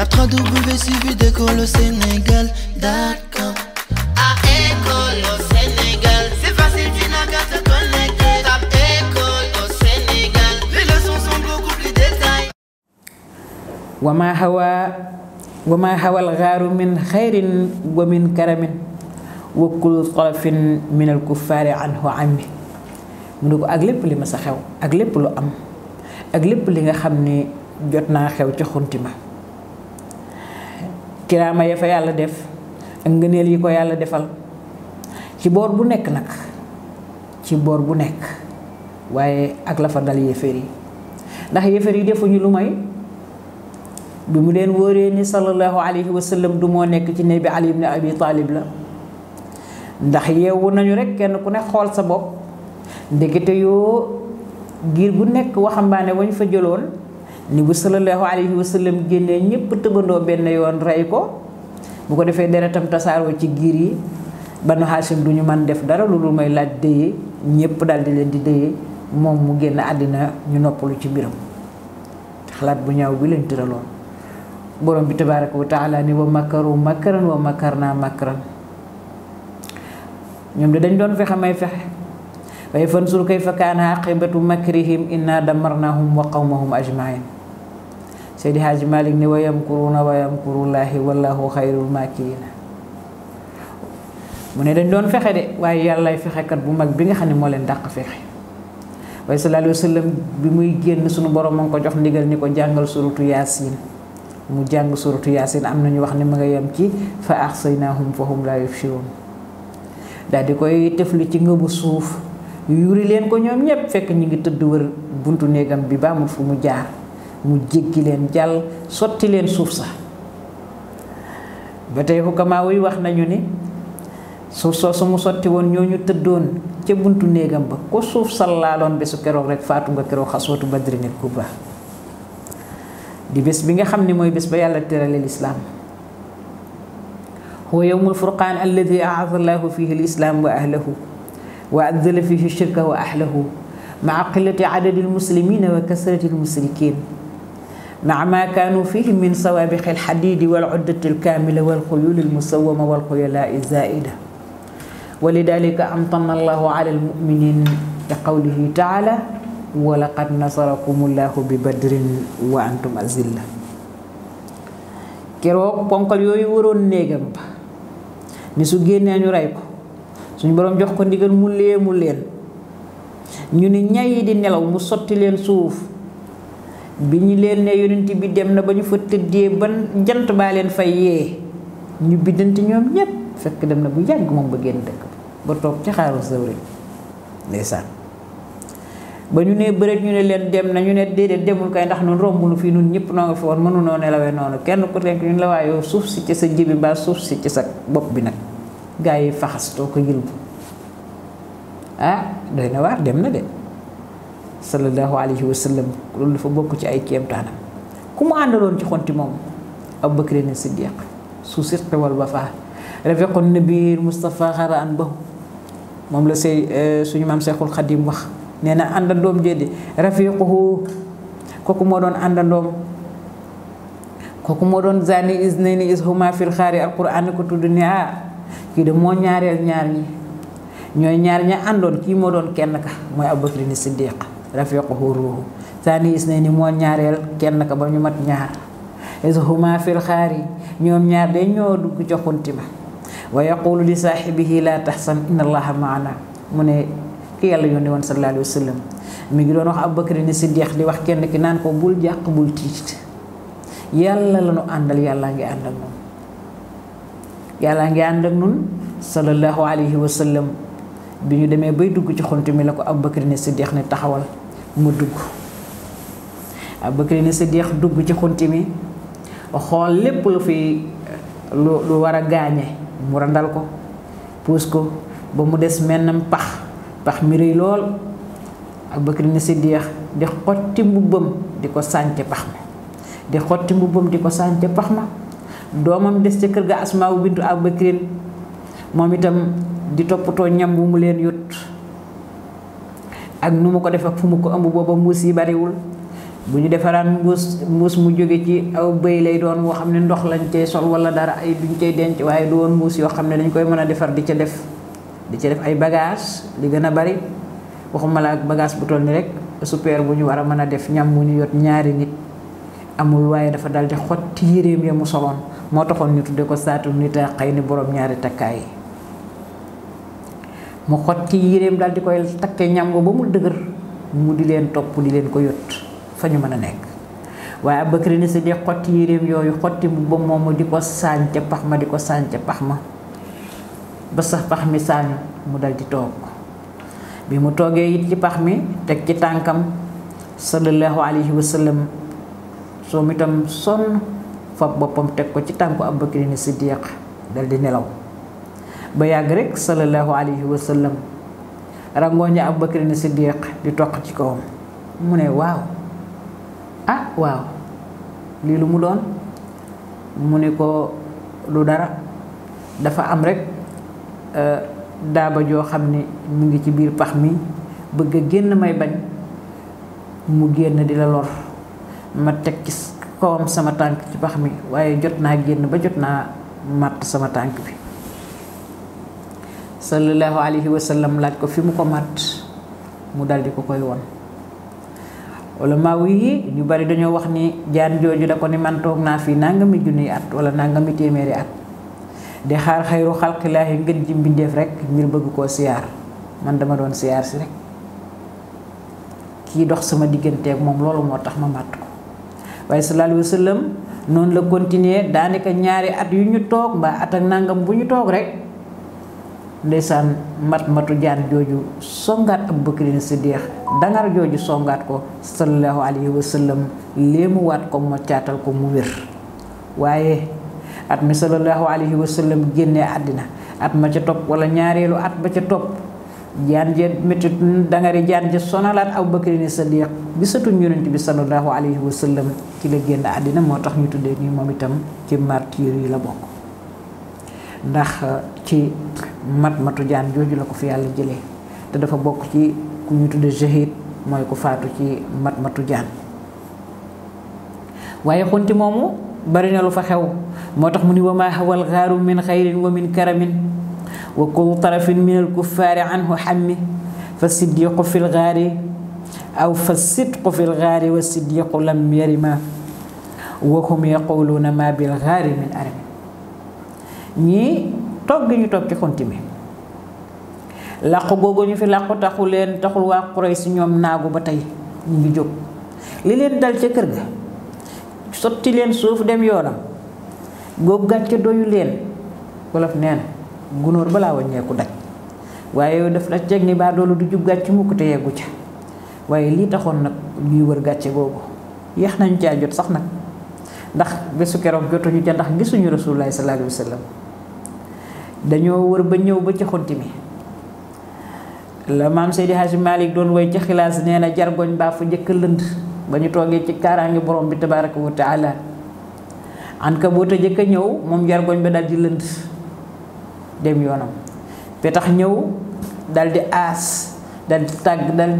Tape 3 W suivi de Colo Sénégal. D'accord. À école au Sénégal. C'est facile, tu n'as qu'à te connecter. Tape école au Sénégal. Les leçons sont beaucoup plus détaillées. Wama Hawa. وما هوى الغار من خير ومن كرم وكل طرف من الكفار عنه عمي mu ne ko ak lépp li ma sa xew ak lépp lu am ak lépp li nga xam ne jot naa xew ci xunti ma kiraama ya fa yàlla def ak ngëneel yi ko yàlla defal ci boor bu nekk nag ci boor bu nekk waaye ak la fa dal yéeféer yi ndax yéeféer yi defuñu lu may bi mu leen wóoree ni sallallahu alayhi wa sallam du moo nekk ci néeg bi Ali ibn Abi Talib la ndax yeewu nañu rek kenn ku ne xool sa bopp ndekete yoo giir bu nekk waxambaane wañ fa jëloon ni bu sallallahu alayhi wa sallam génnee ñëpp tëbandoo benn yoon rey ko bu ko defee deretam tasaaroo ci giir yi banu Haasim du ñu def dara lu dul may laaj dëye ñëpp daal di leen di dëye moom mu génn àddina ñu noppalu ci mbiram xalaat bu ñaaw bi lañ tëraloon borom bi tabaaraka wa taala ni wa makkaru makkaran wa makkar makkaran ñoom de dañ doon fexe may fexe waaye fansur kayfa kaana aqibatu makrihim inna damarnahum wa qawmahum ajmain Seydi Hadji Malick ni wayam kuruna wayam kurullahi wallahu xayrul maakirina mu ne dañ doon fexe de waaye yàllaay fexekat bu mag bi nga xam ne moo leen dàq fexe waaye sallallahu alayhi wa bi muy génn sunu borom ma ngi ko jox ndigal ni ko jàngal suratu yaasin mu jàng suratu yaasin am na ñu wax ni ma nga yem ci fa ahsaynahum fa hum laa yubsirun daal di koy tefli ci ngëbu suuf yuri leen ko ñoom ñépp fekk ñu ngi tëdd wër buntu néegam bi baamul fu mu jaar mu jéggi leen jàll sotti leen suuf sax ba tey xukamaa wuy wax nañu ni suuf su mu sotti woon ñoo ñu tëddoon ca buntu néegam ba ko suuf sallaaloon bésu keroog rek faatu nga keroog xasootu badrinil kubra di bés bi nga xam ni mooy bés ba yàlla terale lislaam huwa yowmul furqaan alladi aada allahu wa ahlahu wa addala fihi shirka wa ahlahu maa qillati adadi almuslimina wa kasrati almushrikin maa ma kaanu fihi min sawaabixi alxadiidi wal uddati alkaamila wal xuyuli almusawama wal xuyalaa zaida wa lidalika amtana allahu ala almuminin li qawlihi taala wa laqad nasarakum allahu bi badrin wa antum azilla keroog ponkal yooyu waroon néegam ba ni su génnee ñu rey ko suñu boroom jox ko ndigal mu lee leen ñu ni ñayi di nelaw mu sotti leen suuf bi ñu leen ne yonent bi dem na ba ñu fa tëddee ban jant baa leen fay yee ñu biddanti ñoom ñépp fekk dem na bu yàgg moom ba génn dëkk ba toog ci xaaru sawri ndeysaan ba ñu ne bëreet ñu ne leen dem na ñu ne déedéet demul kay ndax nun romb nu fii nun ñëpp noo nga fi woon mënunoo nelawee noonu kenn ko nekk ñu la waaye suuf si ci sa jibi mbaa suuf si ci sa bopp bi nag gaa yi faxas too ko yëlbu ah doy na waar dem na de sallallahu alayhi wa sallam loolu dafa bokk ci ay kéemtaanam ku mu àndaloon ci xonti moom abubakrin siddiq su sirqi wal wafa rafiqu nabi mustafa xara an moom la say eh, suñu maam seexul xadim wax nee na àndandoom jëddi rafiquhu kooku moo doon àndandoom kooku moo doon zani is nayni is huma fil xaari alquran ko tudd ne ah kii de moo ñaareel ñaar ñi ñooy ñaar ña àndoon kii moo doon kenn ka mooy abubakrin siddiq rafiquhu sa saani is nay ni moo ñaareel kenn ko ba ñu mat ñaar is huma fil xaari ñoom ñaar day ñoo dugg ca xunti ba wa yaqulu li saaxibihi laa taxsan inna allaha mu ne ki yàlla yónni woon sallallahu alayhi wa mi ngi doon wax Abu Bakar ni Siddiq di wax kenn ki naan ko bul jàq bul tiit yàlla la nu àndal yàllaa ngi ànd ak nun yàllaa ngi ànd ak nun sallallahu alayhi wa bi ñu demee bay dugg ci xunt mi la ko Abu Bakar ni Siddiq ne taxawal mu dugg Aboubacry ah, Siddiq dugg ci xunti mi xool lépp lu fi lu war a gaañe mu randal ko puus ko ba mu des mennam pax pax mi rëy lool si ah, Siddiq di xotti mbubbam di ko sànce pax ma di xotti mbubbam di ko sànce pax ma doomam des ca kër ga Asmaawu bintu Aboubacry moom itam di toppatoo ñam wu mu leen yut ak nu mu ko def fu mu ko ëmb booba mbuus yi bariwul bu ñu defaraan mbuus mbuus mu jóge ci aw bëy lay doon woo xam ne ndox lañ cay sol wala dara ay duñ cay denc waaye du woon mbuus yoo xam ne dañ koy mën a defar di ca def di ca def ay bagage di gën a bari waxuma la ak bu toll ni rek super bu ñu war a mën a def ñam mu ñu yot ñaari nit amul waaye dafa dal di xotti yéreem ya mu soloon moo taxoon ñu tudde ko saatu nit a xëy ni boroom ñaari takkaay mu ci yirem dal di koy takke ñam ba mu dëgër mu di len top di leen ko yott fa ñu mën a nekk waaye ni sidi di yirem yoyu xoti mu ba moomu di ko saañ ca di ko saañ ca ba sax pax mi mu dal di tok bi mu toge yit ci pax mi ci tankam sallallahu alaihi wasallam. So mitam son fa bopam tek ko ci tanku abakari ni siddiq dal di nelaw bayaag rek sallallahu alayhi Wasallam. sallam rangoña abubakar ni siddiq di tok ci ko mune waw ah waw li lu mu don mune ko lu dara dafa am rek eh, daaba joo jo xamni mu ngi ci bir pax mi bëgg genn may bañ mu genn di la lor ma tek ci kawam sama tank ci pax mi waye jotna genn ba jotna mat sama tank bi sallallahu alayhi wa sallam laaj ko fi mu ko mat mu dal di ko koy won walla maw yi ñu bari dañoo wax ni jaan jooju da ko ni man toog naa fi nangami junniy at wala nangami téeméeri at di xaar xayru xalqilaahi ngën ji mbindeef rek ngir bëgg koo siyaar man dama doon siyaar si rek kii dox sama digganteeg moom loolu moo tax ma màtt ko waaye sallallahu alayhi noonu la continuer daanaka ñaari at yu ñu toog mbaa at ak nangam bu ñu toog rek ndeysaan mat matu jaan jooju songaat abubakrin siddiq dangar jooju songaat ko sallallahu alayhi wa sallam léemu waat ko mo caatal ko mu wér waaye at mi sallallahu alayhi wa sallam génnee àddina at ma ca topp wala ñaareelu at ba ca topp jaan ja métti dangari jaan ja sonalaat abubakrin siddiq bisatu yonent bi sallallahu alayhi wa sallam ci la génn àddina moo tax ñu tuddee ni moom itam ci martyre yi la bokk ndax ci mat matu jaan jooju la ko fi yàlla jëlee te dafa bokk ci ku ñu tudde jahid mooy ko faatu ci mat matu jaan waaye xunti moomu bari na lu fa xew moo tax mu ni wa ma hawal gaaru min xayrin wa min karamin wa kullu tarafin min al kuffaari anhu xammi fa siddiqu fi lgaari min arami ñii toog gi ñu toog ci xunti mi làqu googu ñu fi làqu taxu leen taxul waa si ñoom naagu ba tey ñu ngi jóg li leen dal ca kër ga sotti leen suuf dem yoonam googu gàcce doyu leen wolof neen na gunóor balaa waññeeku daj waaye yow daf daj ceeg ni baa doolu du jub gàcc mukk te yeggu ca waaye lii taxoon nag ñuy wër gàcce googu yéex nañu caa jot sax nag ndax bésu keroog jotuñu ca ndax gisuñu rasuulullaahi sallallaahu alayhi wa sallam dañoo wër ba ñëw ba ci xunti mi la maam Seydi Hadji Malick doon woy ci xilaas nee na jargoñ baa fa njëkk lënd ba ñu toogee ci kaaraange borom bi tabaraka wa taala an ka boota njëkk a ñëw moom jargoñ ba daal di lënd dem yoonam ba tax ñëw dal di aas dal di tàgg dal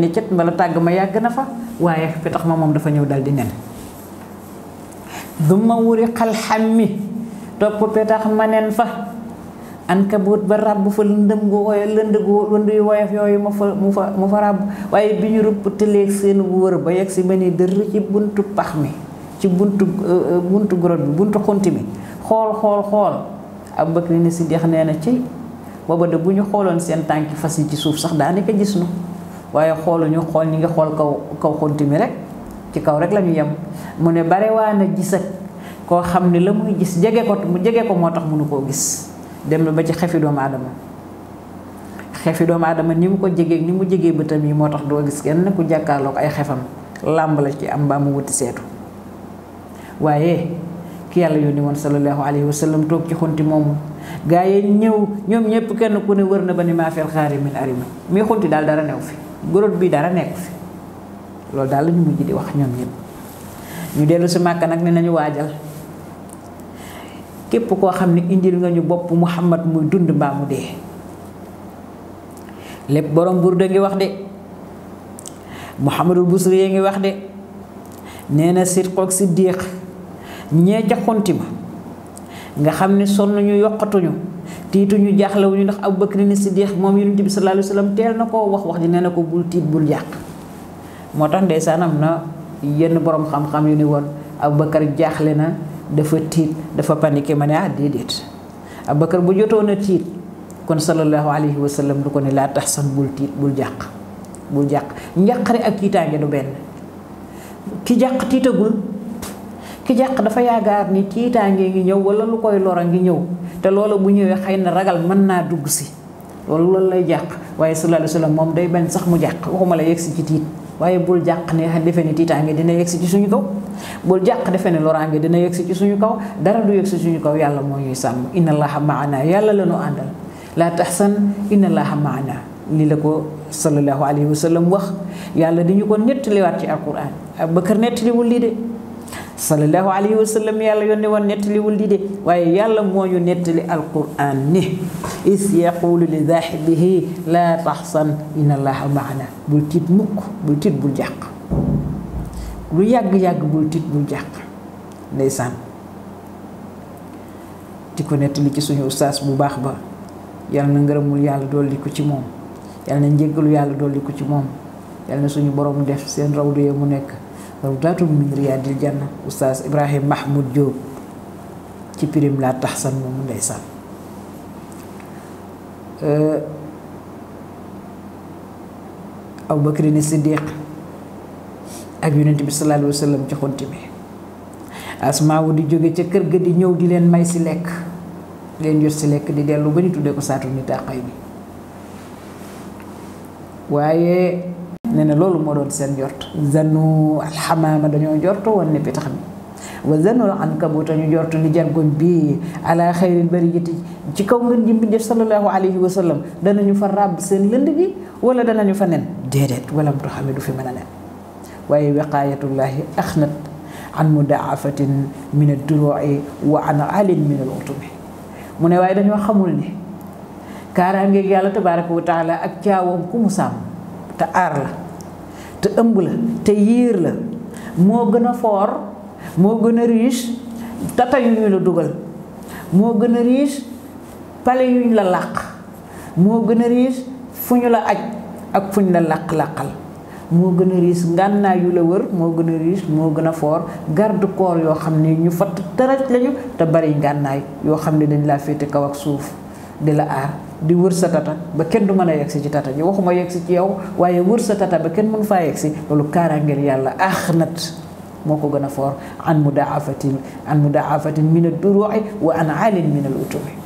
di te mbala tàgg ma yàgg na fa waaye ba ma moom dafa ñëw dal di nen duma wuri xalxam mi topp petax ma nen fa ankabut ba ràbb fa lëndëm gu woyof lënd gu lënd yu woyof yooyu mu fa mu fa mu fa ràbb waaye bi ñu rupp tëleeg seen wër ba yegg si ba ni dër ci buntu pax mi ci buntu euh, euh, buntu grotte bi buntu xunti mi xool xool xool ab bëkk ni si dex nee na ci booba de bu ñu xooloon seen tànki fas yi ci suuf sax daanaka gis nu waaye xooluñu xool ñi ngi xool kaw kaw xunti mi rek ci kaw rek la ñu yem mu ne bare waa na gis ak koo xam ne la muy gis jege ko mu jege ko moo tax mënu koo gis dem na ba ci xefi doom adama xefi doom adama ni ko jégué ni mu jegee bëtam yi motax do gis kenn ku jàkkaarloog ay xefam lamb la ci am mbaa mu wuti seetu waaye ki yalla yoni won sallallahu alayhi wa sallam toog ci xunti mom gaa ñew ñom ñepp kenn ku ne wërna na ma fil khari min arima mi xunti dal dara neew fi gorot bi dara nekk fi loolu dal ñu mujj di wax ñom ñepp ñu dellu si makka nak ne nañu wajal képp ko xamni indil nga ñu bop muhammad muy dund mbaa mu dee lépp borom burda ngi wax de muhammadul busri ngi wax de neena na sidqoog siddiq ñe ca xonti ma nga xam ne sonn ñu yoqatuñu tiituñu ndax abu bakr ni siddiq mom yonent bi sallallahu alaihi wasallam sallam teel na wax wax ni neena ko bul tit bul yak motax tax na yenn borom xam-xam yu ni won abu bakar jaxlena dafa tit dafa paniquer mané ne ah déedéet abakar bu jotoon a tiit kon sallallahu alayhi wa sallam du ko ni la tahsan bul tit bul jaq bul jaq njàqare ak tiitaange du ben ki jaq titagul ki jaq dafa yaagar ni tiitaange ngi ñew wala lu koy lora ngi ñew te lolu bu ñewé xeyna ragal man na dugg ci lolu loolu lay jaq waye sallallahu alayhi wa sallam moom day ben sax mu jaq waxuma la yegg ci tit waye bul jaq ne defe ni dina yegg ci suñu kaw bul jàq defe ne loraange dina yëgsi ci suñu kaw dara du yëgsi suñu kaw yàlla moo ñuy sàmm inna allaha maana yàlla la ñu àndal laa taxsan inna allaha maana lii la ko sallallahu alayhi wa sallam yàlla di ñu ko nettaliwaat ci alquran Abubakar nettaliwul lii de sallallahu alayhi wa sallam yàlla yónni woon nettaliwul lii de waaye yàlla moo ñu nettali alquran ni is yaqulu li saaxibihi laa taxsan inna allaha maana bul tiit mukk bul tiit bul jàq lu yàgg-yàgg bul tiit bul jàq ndeysaan di ko nettali ci suñu ustaas bu baax ba yàlla na ngërëmul yàlla dolli ko ci moom yàlla na njéggalu yàlla dolli ko ci moom yàlla na suñu borom def seen rawdu yee mu nekk rawdaatu min riyaadil janna ustaas Ibrahim Mahmoud Diop ci pirim laa tax san moomu ndeysaan euh, Abu Bakri ni Siddiq ak yonent bi sallallahu alaihi wasallam ci xunti bi wu di joge ci kër ga di ñew di len may ci lek len yor ci lek di delu ba tudde ko saatu ni tàqay bi waaye nee lolu mo doon sen jort zanu alxamaama dañu jorto wonne bi pitax mi wa zanul ankabuta ñu jorto ni bi ala xayril bariyati ci kaw ngeen ji def sallallahu alaihi wasallam dana ñu fa rab sen lënd gi wala ñu fa nen dedet wala mu xam fi واي وقاية الله أخنت عن مدعفة من الدروع وعن عال من الأطوم من وايدا وخمولني كارانجي يالا تبارك وتعالى أكياوم كمسام تأرلا تأمبلا تييرلا مو غنى فور مو غنى ريش تاتا يوني لو دوغل مو غنى ريش بالي لا لاق مو غنى ريش فوني لا اج اك فوني لاق لاقال mo gëna ris nganna yu la wër mo gëna ris mo gëna for garde corps yo xamné ñu fat tëraj lañu ta bari ngànnaay yo xamné dañ la fété kaw ak suuf di la ar di wër sa tata ba kenn du mëna a ci tata ji waxuma yegsi ci yow waye wër sa tata ba kenn mënu fa yegsi lolu karangel yàlla akhnat moko gëna for an mudaafatin an mudaafatin min ad-duru'i wa an alin min al utumi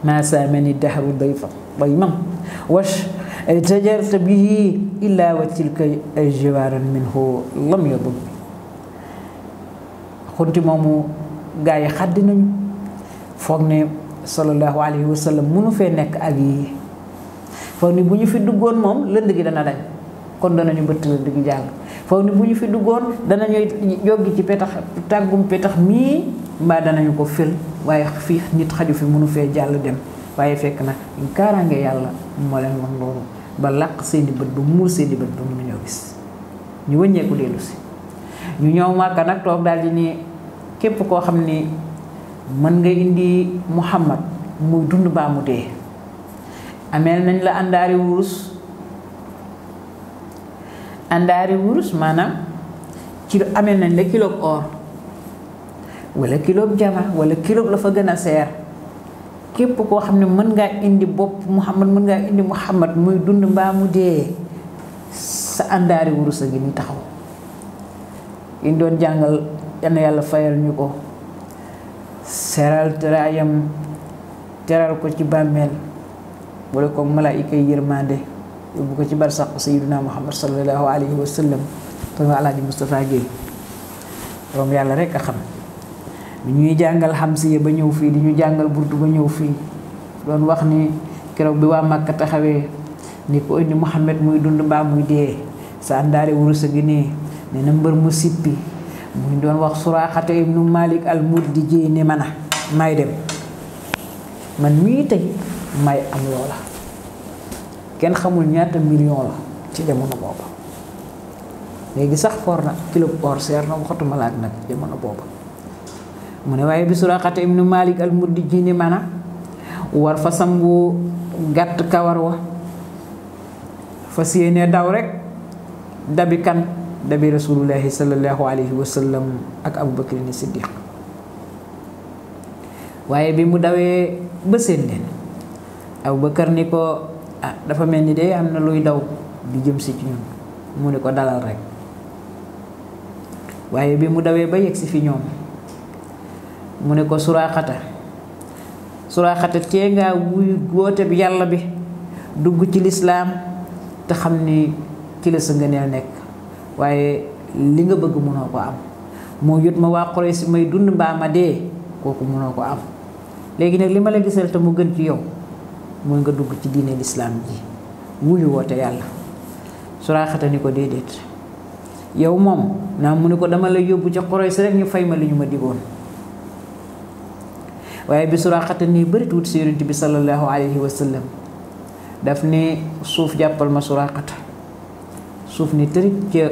ما سامني الدهر ضيفا ضيما wash أي تجرت به إلا وتلك جوار منه لم يضب xunti moomu gaa yi xaddi nañu foog ni sallallahu alayhi wa sallam munu fee nekk ak yii foog ni bu ñu fi duggoon moom lënd gi dana dañ kon danañu bëtt lënd gi jàll foog ni bu ñu fi duggoon danañuy joggi ci petax tàggum petax mii mbaa danañu ko fël waaye fii nit xaju fi munu fee jàll dem waye fekk na karange yalla mo len mag di ba laq seeni ba seeni ba mu gis ñu ko delu si ñu ma ka nak tok dal di ni kep ko xamni man nga indi muhammad mu dund ba mu de amel nañ la andari wurus andari wurus manam ci amel nañ la kilo or wala kilo jama wala kilo la fa gëna serre képp koo xam ne mën ngaa indi bopp Muhammad mën ngaa indi Muhammad muy dund mbaa mu dee sa àndaari wurus a ngi ni taxaw yi doon jàngal yal na yàlla fayal ñu ko seral teraayam teral ko ci bàmmeel boole ko malaayika yi yërmande yóbbu ko ci barsàq sayyiduna Muhammad sallallahu alayhi wa sallam te di Moustapha Guèye borom yàlla rek a xam bi ñuy jàngal xamsiya ba ñëw fii di ñu jàngal burdu ba ñëw fii doon wax ni keroog bi waa màkk taxawee ni ko indi Muhammad muy dund mbaa muy dee sa àndaare wuru sa gi nee nee na mbër mu sippi muy doon wax suraaxate ibnu malik al muddi jéy ne mana may dem man mii tey may am loola kenn xamul ñaata million la ci jamono booba léegi sax for na kilo or seer na waxatuma nag jamono booba mu ne bi suraqata ibn malik al muddi mana war fasam bu gàtt kawar wa fas yéene daw rek dabi kan dabi rasulullahi salallahu alayhi wa sallam ak abubakrin siddiq waye bi mu dawee ba seen leen abubakar ni ko ah dafa melni de amna luy daw di jëm ci ñun mu ne ko dalal rek waye bi mu dawe ba yegg fi ñoom mu ne ko suraaxata suraaxata tee ngaa wuyu woote bi yàlla bi dugg ci lislaam te xam ni ci la sa ngëneel nekk waaye li nga bëgg mënoo ko am moo jot ma waa Quraysh may dund mbaa ma dee kooku mënoo ko am léegi nag li ma la gisal te mu gën ci yow mooy nga dugg ci diine lislaam ji wuyu woote yàlla suraaxata ni ko déedéet yow moom naa mu ne ko dama la yóbbu ca Quraysh rek ñu fay ma li ñu ma digoon waye bi suraaxata ni beuri tout si bi sallallahu alayhi wa sallam daf ni suuf jappal ma suraqata suuf ni tëri ke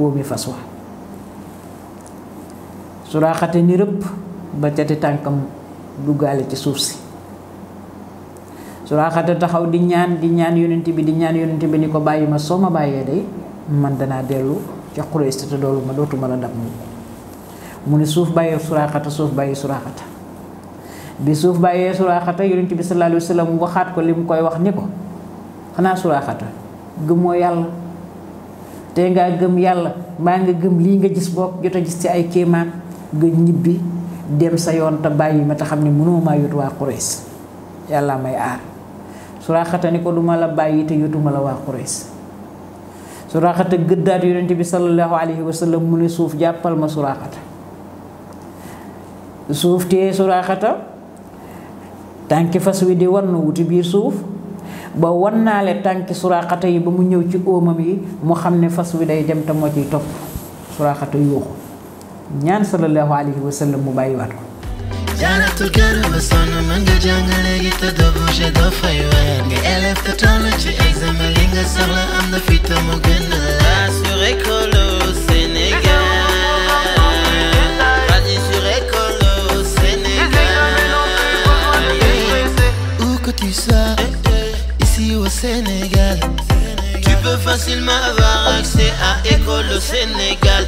wo mi faswa suraaxata ni rep ba tankam du gal ci suuf si suraqata taxaw di ñaan di ñaan yonent bi di ñaan yonent bi ni ko bayima soma baye day man dana delu ci Quraysh te doolu ma dotuma la dab mu ni suuf baye suraqata suuf baye suraqata bi suuf bàyyee suraaxata yonent bi sallallahu alayhi wasallam waxat ko lim koy wax ni ko xanaa suraaxata gëmoo yàlla tey ngaa gëm yàlla nga gëm li nga gis bok jot gis ci ay kéemaan nga ñibbi dem sa yoon te bayyi ma ta xamni mëno ma maa wa waa Quraysh yàlla may aar suraaxata ni ko duma la bayyi te yótuma la wa Quraysh suraaxata gëddaat yonent bi sallallahu alayhi wasallam suuf jappal ma suuf te tànki fas wi di wann wuti biir suuf ba naa wannaale tànki suraaxata yi ba mu ñëw ci óomam yi mu xam ne fas wi day dem te moo ciy topp suraaxata yuuxu ñaan sallallahu alayhi wa mu bàyyiwaat ko am ko Ici au Sénégal Tu peux facilement avoir accès à École au Sénégal